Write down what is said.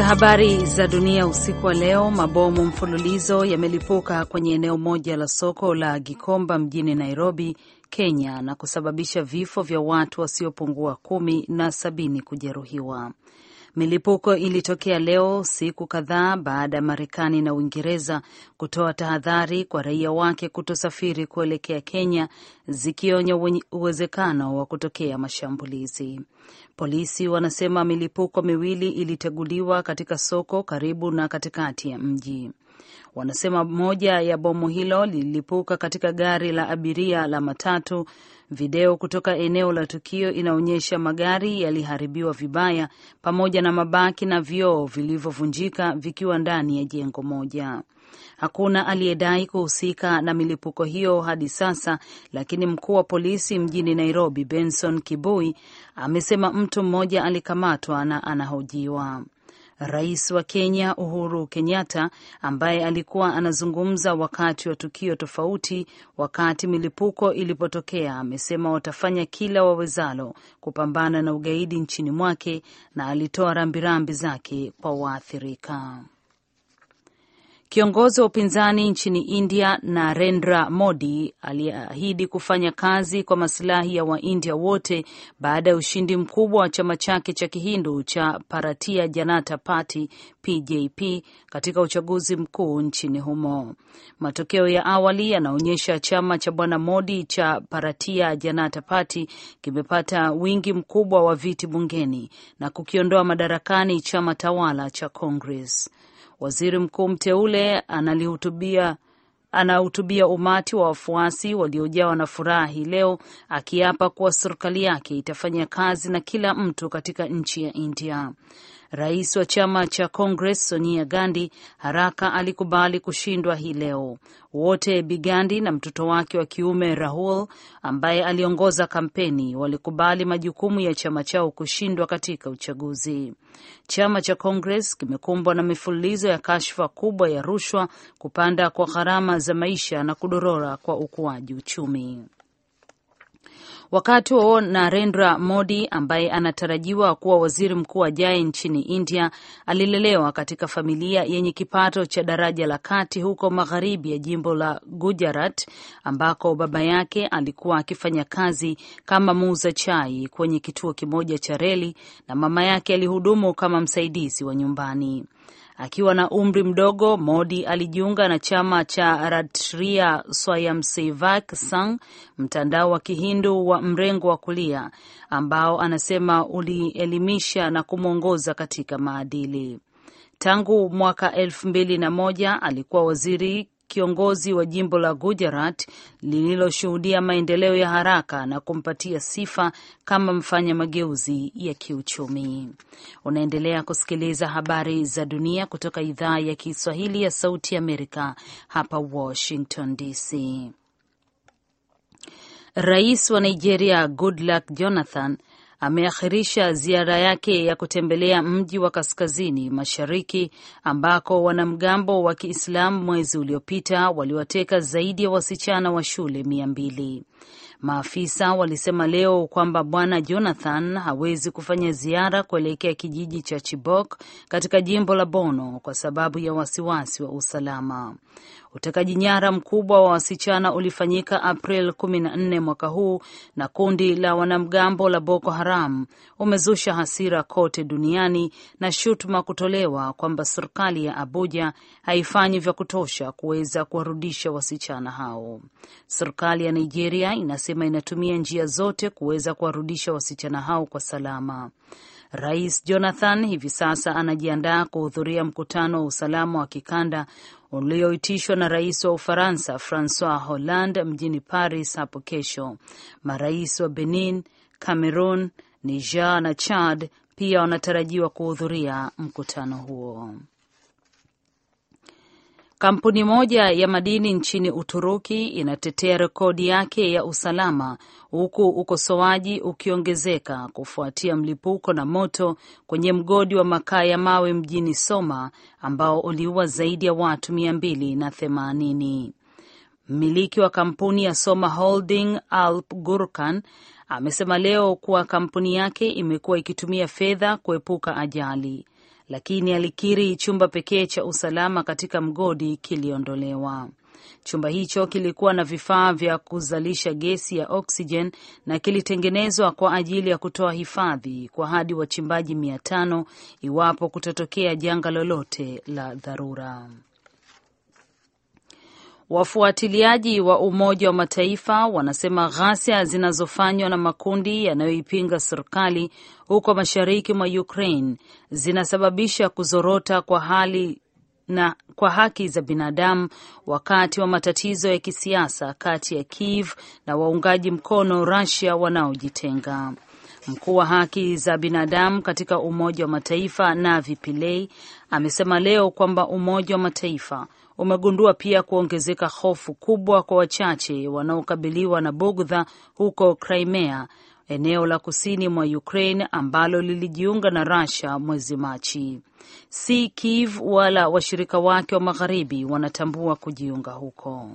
Katika habari za dunia usiku wa leo, mabomu mfululizo yamelipuka kwenye eneo moja la soko la Gikomba mjini Nairobi, Kenya, na kusababisha vifo vya watu wasiopungua kumi na sabini kujeruhiwa. Milipuko ilitokea leo, siku kadhaa baada ya Marekani na Uingereza kutoa tahadhari kwa raia wake kutosafiri kuelekea Kenya, zikionya uwezekano wa kutokea mashambulizi. Polisi wanasema milipuko miwili iliteguliwa katika soko karibu na katikati ya mji. Wanasema moja ya bomu hilo lililipuka katika gari la abiria la matatu. Video kutoka eneo la tukio inaonyesha magari yaliharibiwa vibaya pamoja na mabaki na vioo vilivyovunjika vikiwa ndani ya jengo moja. Hakuna aliyedai kuhusika na milipuko hiyo hadi sasa, lakini mkuu wa polisi mjini Nairobi, Benson Kibui, amesema mtu mmoja alikamatwa na anahojiwa. Rais wa Kenya Uhuru Kenyatta, ambaye alikuwa anazungumza wakati wa tukio tofauti wakati milipuko ilipotokea, amesema watafanya kila wawezalo kupambana na ugaidi nchini mwake na alitoa rambirambi zake kwa waathirika. Kiongozi wa upinzani nchini India Narendra Modi aliahidi kufanya kazi kwa masilahi ya Waindia wote baada ya ushindi mkubwa wa chama chake cha Kihindu cha Bharatiya Janata Party pjp katika uchaguzi mkuu nchini humo. Matokeo ya awali yanaonyesha chama cha Bwana Modi cha Bharatiya Janata Party kimepata wingi mkubwa wa viti bungeni na kukiondoa madarakani chama tawala cha Congress. Waziri mkuu mteule analihutubia anahutubia umati wa wafuasi waliojawa na furaha hii leo akiapa kuwa serikali yake itafanya kazi na kila mtu katika nchi ya India. Rais wa chama cha Congress Sonia Gandhi haraka alikubali kushindwa hii leo. Wote Bi Gandhi na mtoto wake wa kiume Rahul, ambaye aliongoza kampeni, walikubali majukumu ya chama chao kushindwa katika uchaguzi. Chama cha Congress kimekumbwa na mifululizo ya kashfa kubwa ya rushwa, kupanda kwa gharama za maisha na kudorora kwa ukuaji uchumi. Wakati huo Narendra Modi ambaye anatarajiwa kuwa waziri mkuu ajaye nchini India alilelewa katika familia yenye kipato cha daraja la kati huko magharibi ya jimbo la Gujarat ambako baba yake alikuwa akifanya kazi kama muuza chai kwenye kituo kimoja cha reli na mama yake alihudumu kama msaidizi wa nyumbani. Akiwa na umri mdogo, Modi alijiunga na chama cha Rashtriya Swayamsevak Sangh, mtandao wa Kihindu wa mrengo wa kulia ambao anasema ulielimisha na kumwongoza katika maadili. Tangu mwaka elfu mbili na moja alikuwa waziri kiongozi wa jimbo la Gujarat lililoshuhudia maendeleo ya haraka na kumpatia sifa kama mfanya mageuzi ya kiuchumi. Unaendelea kusikiliza habari za dunia kutoka idhaa ya Kiswahili ya Sauti Amerika hapa Washington DC. Rais wa Nigeria Goodluck Jonathan ameakhirisha ziara yake ya kutembelea mji wa kaskazini mashariki ambako wanamgambo wa Kiislamu mwezi uliopita waliwateka zaidi ya wasichana wa shule mia mbili. Maafisa walisema leo kwamba Bwana Jonathan hawezi kufanya ziara kuelekea kijiji cha Chibok katika jimbo la Bono kwa sababu ya wasiwasi wa usalama. Utekaji nyara mkubwa wa wasichana ulifanyika April 14 mwaka huu na kundi la wanamgambo la Boko Haram umezusha hasira kote duniani na shutuma kutolewa kwamba serikali ya Abuja haifanyi vya kutosha kuweza kuwarudisha wasichana hao. Serikali ya Nigeria inas imesema inatumia njia zote kuweza kuwarudisha wasichana hao kwa salama. Rais Jonathan hivi sasa anajiandaa kuhudhuria mkutano wa usalama wa kikanda ulioitishwa na rais wa Ufaransa Francois Hollande mjini Paris hapo kesho. Marais wa Benin, Cameroon, Niger na Chad pia wanatarajiwa kuhudhuria mkutano huo. Kampuni moja ya madini nchini Uturuki inatetea rekodi yake ya usalama huku ukosoaji ukiongezeka kufuatia mlipuko na moto kwenye mgodi wa makaa ya mawe mjini Soma ambao uliua zaidi ya watu mia mbili na themanini. Mmiliki wa kampuni ya Soma Holding Alp Gurkan amesema leo kuwa kampuni yake imekuwa ikitumia fedha kuepuka ajali lakini alikiri chumba pekee cha usalama katika mgodi kiliondolewa. Chumba hicho kilikuwa na vifaa vya kuzalisha gesi ya oksijen na kilitengenezwa kwa ajili ya kutoa hifadhi kwa hadi wachimbaji mia tano iwapo kutatokea janga lolote la dharura. Wafuatiliaji wa Umoja wa Mataifa wanasema ghasia zinazofanywa na makundi yanayoipinga serikali huko mashariki mwa Ukraine zinasababisha kuzorota kwa hali na kwa haki za binadamu wakati wa matatizo ya kisiasa kati ya Kiev na waungaji mkono Russia wanaojitenga. Mkuu wa haki za binadamu katika Umoja wa Mataifa Navi Pillay amesema leo kwamba Umoja wa Mataifa umegundua pia kuongezeka hofu kubwa kwa wachache wanaokabiliwa na bugdha huko Crimea, eneo la kusini mwa Ukraine ambalo lilijiunga na Russia mwezi Machi. Si Kiev wala washirika wake wa magharibi wanatambua kujiunga huko.